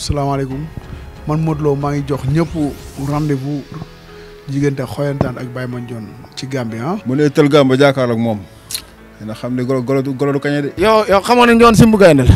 salaamaaleykum man Modou Lo maa ngi jox ñëpp rendez-vous diggante xoyantaan ak Baye Mandione ci Gambie ah. mu ne tël Gambie jàkkaarloog moom. dina xam ne golo golo golo du kañe de. yow yow xamoon nañu yoon simbu gaynde la.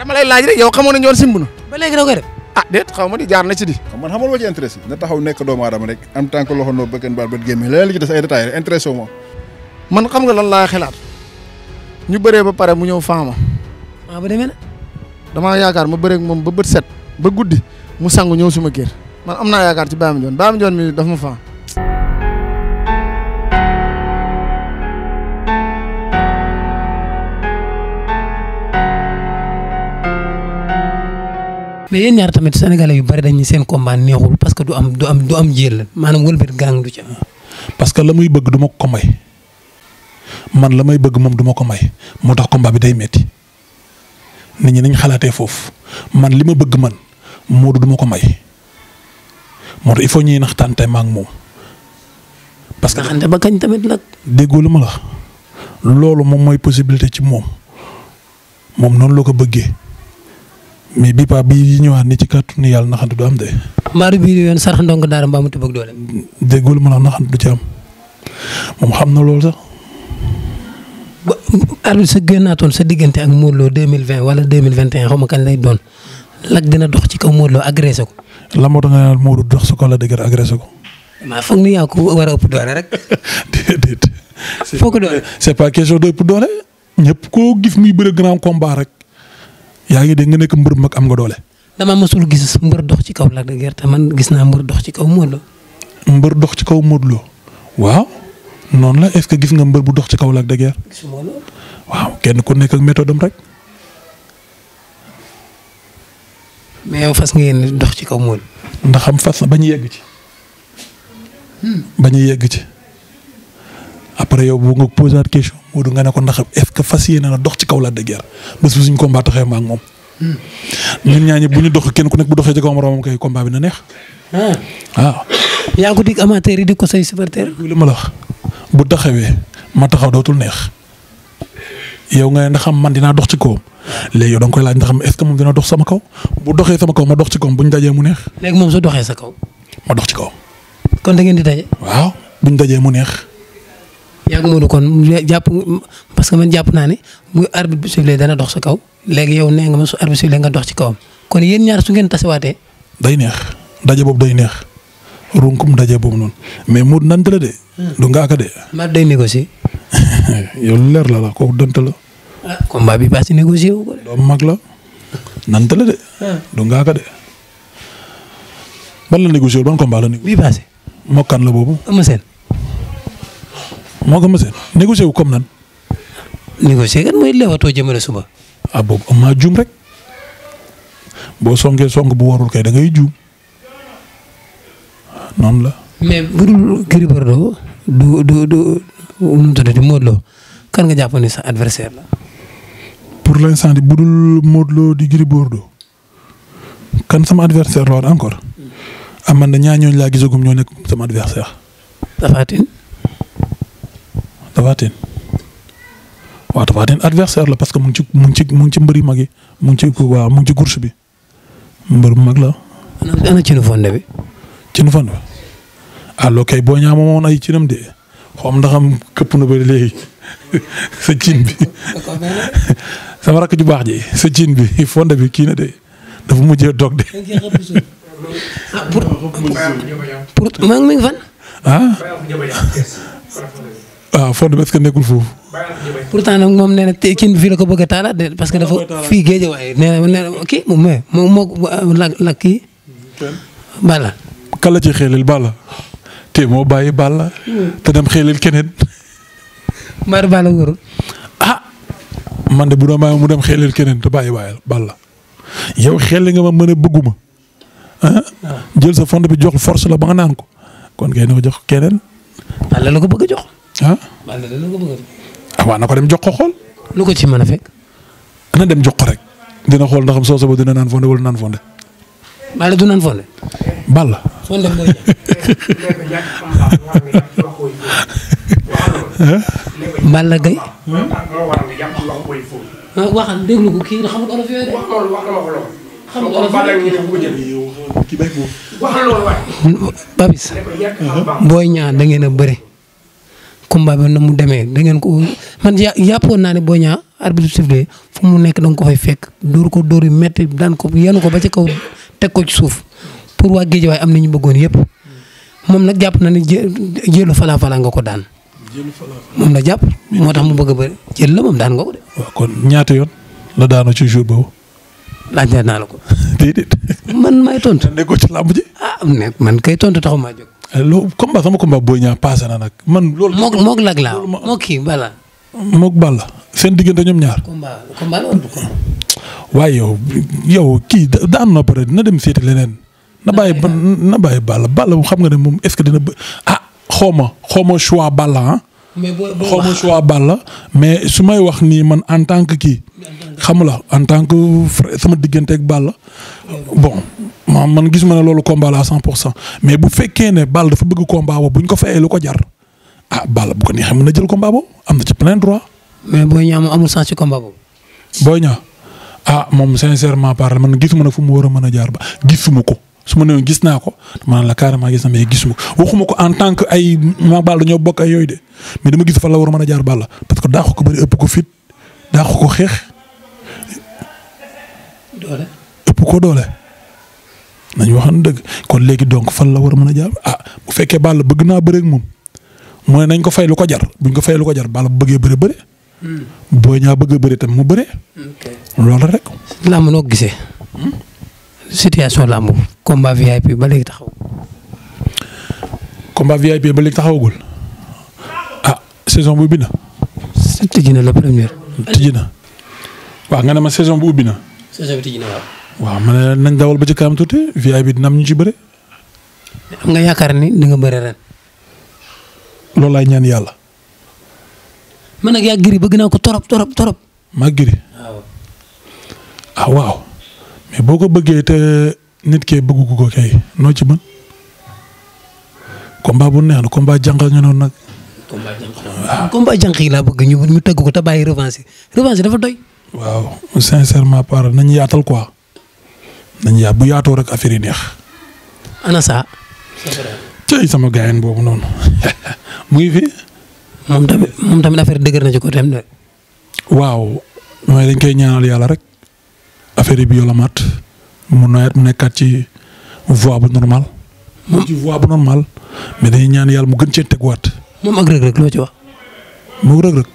dama lay laaj rek yow xamoon nañu yoon simbu na. ba léegi da koy def. ah déet xaw ma di jaar na ci di. man xamal ma ci intéressé na taxaw nekk doomu aadama rek en tant que loxo noo bëgën baal bët gémmi leneen li ci des ay détails intéressé wu man xam nga lan laa xalaat ñu bëree ba pare mu ñëw faama. Ah, dama yaakaar ma bëreeg moom ba bët set ba guddi mu sangu ñëw suma kër man am naa yaakaar ci Baye Mandione Baye Mandione mi daf ma faa. mais tamit sénégalais yu bari dañuy seen combat neexul parce que du am du am du am jéel maanaam wëlbati gang du ci am. parce que la muy bëgg duma ma ko may man la may bëgg moom duma ko may moo tax combat bi day metti nit ñi nañ xalaatee foofu man li ma bëgg man Modou du ma ko may Modou il faut ñuy naxtaan tey ma moom. parce que naxante ba kañ tamit nag. déggoo lu ma la loolu moom mooy possibilité ci moom moom noonu la ko bëggee mais bii bi bii ñëwaat ni ci kàttanu yàlla naxante du am de. Maodo bii di yoon sarax ndongo daara mbaa mu tëb doole. déggoo lu ma la naxante du ci am moom xam na loolu sax. arbitre sa génnaatoon sa diggante ak moolo Modou Lo 2020 wala 2021 xaw ma kañ lay doon Lac dina dox ci kaw Modou Lo agressé ko. lan moo tax nga naan Modou dox sa kaw la dëgër agressé maa foog ni yaa ko war a ëpp doole foo ko doole c'est pas question de ëpp doole. ñëpp koo gis muy bëre grand combat rek. yaa ngi dégg nga nekk mbër mag am nga doole. dama mësul gis mbër dox ci kaw Lac de man gis naa mbër dox ci kaw Modou Lo. dox ci kaw Modou waaw noonu la est-ce que gis nga mbër bu dox ci kaw Lac de Guiers. waaw kenn ku nekk ak méthode am rek. mais yow fas ngeen dox ci kaw mool. ndaxam fas ba ñu yegg ci. ba ñu yegg ci. après yow bu nga posé waat question Modou nga ne ko ndax est-ce que fas yéene na dox ci kaw Lac de Guiers bés bu suñ combat moom. ñun ñaañu bu ñu dox kenn ku nekk bu doxee ci kaw moroomam kay combat bi na neex. waaw. Ah. Ah. yaa ko dig amateur yi di ko say supporter. li ma la wax. bu taxawee ma taxaw dootul neex yow nga ne ndax am man dinaa dox ci kawam léegi yow da koy laaj ndax am est ce que moom dina dox sama kaw bu doxee sama kaw ma dox ci kawam bu ñu dajee mu neex. léegi moom su doxee sa kaw. ma dox ci kawam. kon da ngeen di daje. waaw bu ñu mu neex. yaa ngi Modou kon jàpp parce que man jàpp naa ne bu arbitre bi dana dox sa kaw léegi yow nee nga ma su arbitre sifflé nga dox ci kawam kon yéen ñaar su ngeen tasewaatee. day neex daje boobu day neex runkum daje boobu noonu mais Modou nante la de du ngaaka de. maa day négocier. yow lu leer la la kooku dant la. ah combat bi paas négocier wu ko de. doomu mag la dant de. Ah. du de. ban négocier ban combat la négocier. moo kan boobu. moo ko mëseen négocier wu comme nan. négocier kan mooy leewatoo ah, boobu am juum rek boo songee song bu warul kay da juum ah, noonu mais bu dul Gris du du du nu kan nga jàpp ni sa la. pour la instant bu dul Modou di Gris kan sama adversaire la encore ah man de ñaar ñooñu laa gisagum ñoo nekk sama adversaire. Tapha Tine. Tapha Tine waaw la parce que mu ngi ci mu ngi ci mu ngi ci mbëri mag yi mu ngi ci waaw mu ngi ci course bi mbër bu mag la. ana ana cinu fonde bi. cinu fonde ah loolu kay boo ñaaw ay cinam de xom ndax këpp na ba léegi sa cin bi sama rakk ju baax ji sa cin bi fonde bi kii na de dafa mujjee dog de. pour moom nee cin bi fii la ko bëgg a taalaat de parce que dafa fii géej waaye nee na nee na kii moom moo moo lakk kii. bala. kala ci xeelil bala. te moo bàyyi Balla. Hmm. te dem xeelil keneen. Mar Balla ah, man de bu doon maay mu dem xeelil keneen te bàyyi bàyyi Balla yow xeeli nga ma mën a bëgguma ah, ah jël sa fond bi jox force la ba nga naan ko kon ngay na ko jox keneen. Balla la ko bëgg a jox. Ah? a jox. waa na ko dem jox ko xool. lu ko ci mën a fekk. na dem jox ko rek. dina xool ndax am soosa ba dina naan fonde wala naan fonde. Balla du naan fonde. Balla. fonde mooy Balla Babis. Uh-huh. booy ñaa dangeen a bëri. combat bi na mu demee da ngeen ko man yàppoon naa ne booy ñaa arbitre sifflé fu mu nekk na nga fekk dóor ko dóor yi metti daan ko yenu ko ba ci kaw. te ko ci suuf pour waa géej waaye am na ñu bëggoon yëpp moom nag jàpp na ne jé jëlu falaa falaa nga ko daan. moom la jàpp moo tax mu bëgg a bëri jël la moom daan nga ko de. waaw kon ñaata yoon la ci jour boobu. laaj naa la ko. man maay tontu. nekkoo ci làmb ji. ah man kay tontu taxu maa jóg. Eh, loo combat sama combat booy ñaa paase na nag moo loolu moog moog lag laa moog kii Balla. moog Balla seen diggante waaye yow yow kii daan na pare dina dem seeti leneen. na bàyyi na bàyyi Balla Balla xam nga ne moom est-ce que dina ah xaw ma xaw ma choix Balla ah. mais boo boo xaw la mais su may wax nii man en tant que kii. xam la en tant que sama diggante ak Balla. bon man gis ma ne loolu combat la pour cent mais bu fekkee ne Balla dafa bëgg combat boobu bu ñu ko fayee lu ko jar ah Balla bu ko neexee mën na jël combat boobu am na ci plein droit. mais booy ñaa amul sens ci combat boobu. booy ñaa. ah moom sincèrement parle man gisuma nag fu mu war a mën a jaar ba gisuma ko su ma nee gis naa ko maanaam la carrément gis na mais gisuma ko waxuma ko en tant que ay ma Balla dañoo bokk ay yooyu de mais dama gis fa la war a mën a jaar Balla parce que daaxu ko ko fit daaxu ko xeex. doole ëpp ko doole. nañu dëgg kon léegi donc fan la war a mën a jaar ah bu fekkee Balla bëgg naa bëreeg moom mooy nañ ko fay lu ko jar buñ ko fay lu ko jar Balla bu bëggee bëre bëre. Hmm. boo ñaa bëgg a bëre tam mu bëre. loolu rek. làmb noo gisee. situation làmb. combat VIP ba léegi taxaw. combat VIP ba léegi taxawagul. ah saison bu ubbi na. tijji na la première. tijji na waaw nga ne ma saison bu ubbi na. saison waaw. waaw ma ne nañ dawal ba ci kanam tuuti VIP bi dina am ñu ci bëre. nga yaakaar ni di nga bëre ren. loolu lay ñaan yàlla. man ak yaa giri bëgg naa ko torop torop torop. maa giri. ah waaw mais boo ko bëggee te nit kee bëggu ko kay noo ci mën combat bu neex na combat jànq nga noonu nag. combat jànq waaw ah. yi laa bëgg ñu ñu tëgg ko te bàyyi revanche revanche dafa doy. waaw sincèrement par nañ yaatal quoi nañ yaa bu yaatoo rek affaire yi neex. ana saa. sama gaayen boobu noonu mu ngi fi. moom tamit moom dëgër na ci ko dem de. waaw mooy dañ koy ñaanal yàlla rek. affaire yi bi yolamaat mu noyaat mu nekkaat ci voie bu normal. moom ci voie bu normal mais dañuy ñaan yàlla mu gën cee teguwaat. moom ak rëg rëg loo ci wax. moom rëg rëg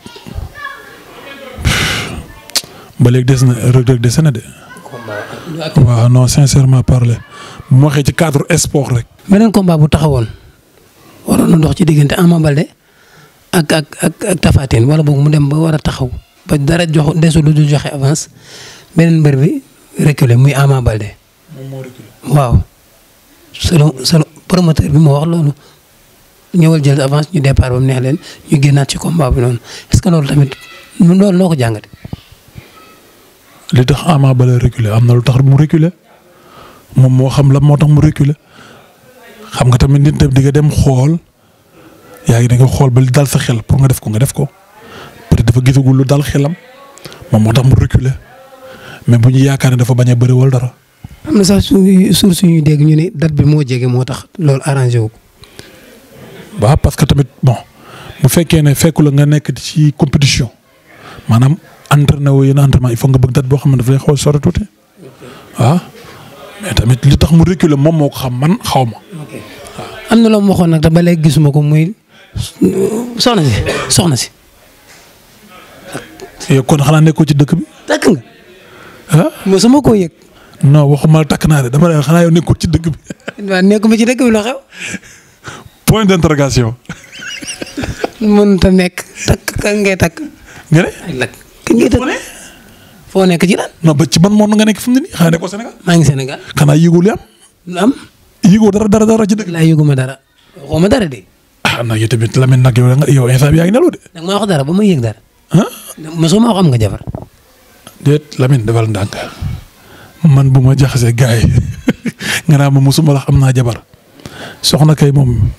ba léegi des na rëg rëg des na de. waaw non sincèrement parler mu waxee ci cadre sport rek. beneen combat bu taxawoon waroon na dox ci diggante Ama Baldé ak ak ak ak boog mu dem ba war a taxaw ba dara jox desul lu joxe avance beneen mbër bi reculé muy Ama Balde. moom waaw. selon selon promoteur bi moo wax loolu ñëwal jël avance ñu départ ba mu neex leen ñu génnaat ci combat bi noonu est-ce que loolu tamit loolu noo ko jàngate li Ama Balde reculé am na lu tax mu reculé moom moo xam la moo tax mu reculé xam nga tamit nit di nga dem xool yaa ngi da nga xool ba li dal sa xel pour nga def ko nga def ko peut dafa gisagul lu dal xelam moom moo tax mu reculé. mais bu ñu yaakaar ne dafa bañ a bëri wala dara. am na sax suñuy source ñu dégg ñu ne date bi moo jege moo tax loolu arrangé wu ko. waaw parce que tamit bon bu fekkee ne fekku la nga nekk ci compétition maanaam entraîné wu yenn entraînement il faut nga bëgg date boo xam ne daf lay xaw a sori tuuti waaw mais tamit li tax mu reculer moom moo ko xam man xaw ma. am na loo ma waxoon nag te ba léegi gisuma ko muy soxna si soxna si. Eh, kon xanaa nekkoo ci dëkk bi dëkk ah suma ko yëg. no waxuma takk naa de dama ne xanaa yow nekkul ci dëgg bi. waaw ma ci dëgg bi loo xew. point d'interrogation. mënut a nekk. takk kan ngay takk. nga ne. kan ngay foo nekk ci lan. non ba ci ban monde nga nekk fi mu nii xanaa nekkoo Sénégal. maa ngi Sénégal. xanaa yëgul li am. lu am. yëgoo dara dara dara ci dëgg. laa yëguma dara. waxuma dara de. ah nag yow tamit Lamine nag yow instant bi yaa ngi nelaw de. dara ba ma yëg dara. ah. mosoo ma wax nga jabar. déet Lamine defal ndànk man bu ma jaxasee gaay nga naa ma musuma wax am naa jabar soxna kay moom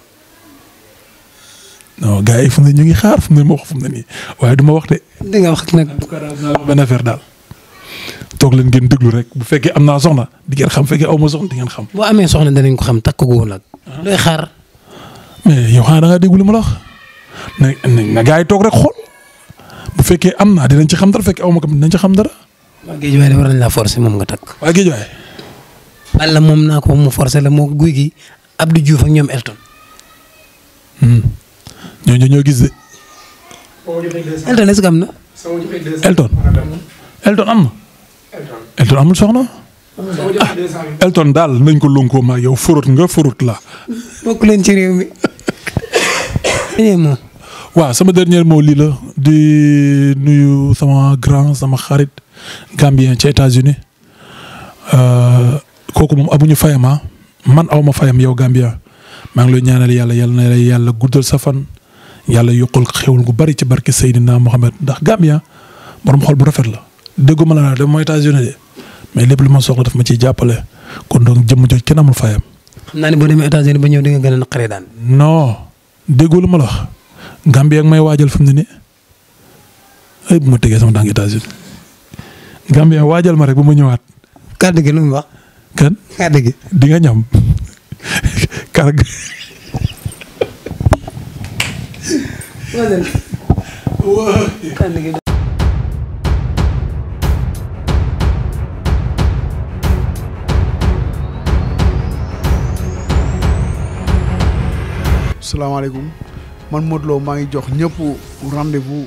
non gars yi fu ne ñu ngi xaar fu mu ne ma wax fu ne nii waaye du ma wax de. di nga wax nag. benn affaire daal. toog leen rek bu fekkee am naa soxna di ngeen xam bu fekkee aw ma soxna di xam. boo amee soxna danañ ko xam takk googu nag. Ah. looy xaar. mais yow xanaa da ngaa déglu ma la wax. na na toog rek xool. bu fekkee am naa dinañ ci xam dara bu fekkee aw ma dinañ ci xam dara. waaw géej waay de war nañ laa forcer moom nga takk. waaw géej waay. Balla moom naa ko mu forcer la moo guy gi Abdou Diouf ak ñoom Elton. Hmm. ñooñu ñoo gis am na. Elton. Elton am na. Elton amul soxna. ah Elton daal nañ ko lënkoo yow furut nga furut la bokk leen ci réew mi. waaw sama dernier moo lii la di nuyu sama grand sama xarit Gambien ci États-Unis euh, kooku moom amuñu fayama ah. man aw ma fayam yow Gambien maa ngi lay ñaanal yàlla yàlla na lay yàlla guddal sa fan yàlla yokkul xewul gu bari ci barke Seydina Mohamed ndax Gambien borom xol bu rafet la ma la dama mooy États-Unis de mais lépp lu ma soxla def ma ciy jàppale kon donc jëmm jooju kenn amul fayam. xam naa ne boo demee États-Unis ba di nga gën a daan. non déggu lu ma la wax. Gambie ak may waajal fi mu ne nii ay bu ma tegee sama tànk États-Unis Gambie waajal ma rek bu ma ñëwaat. kàddu gi lu mu wax. kan kàddu gi di nga ñam kàr gi. salaamaaleykum. man Modou Lo maa ngi jox ñëpp rendez-vous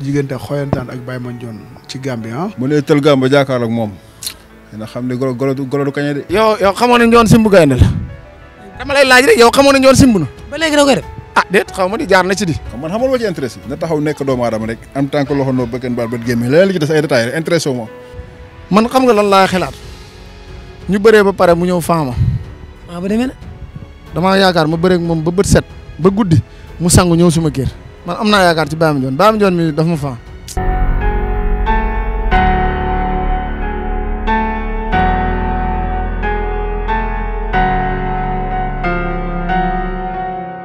diggante xoyantaan ak ma Mandione ci Gambie ah. mu ne tël Gambie jàkkaarloog moom. dina xam ne golo golo du golo du kañe yow yow xamoon nañu woon simbu gaynde la. dama lay laaj rek yow xamoon nañu woon simbu na. ba léegi da koy ah déet xaw ma di jaar na ci di. man xamal ma ci taxaw nekk doomu aadama rek en tant que loxo noo bëgg baal bët gémmi man xam nga lan laa xalaat ñu bëree ba pare mu ñëw faama. waaw ah, ba yaakaar ma bëree moom ba bët set ba guddi mu sangu ñëw suma kër man am naa yaakaar ci Baye Mandione Baye Mandione mi daf ma fa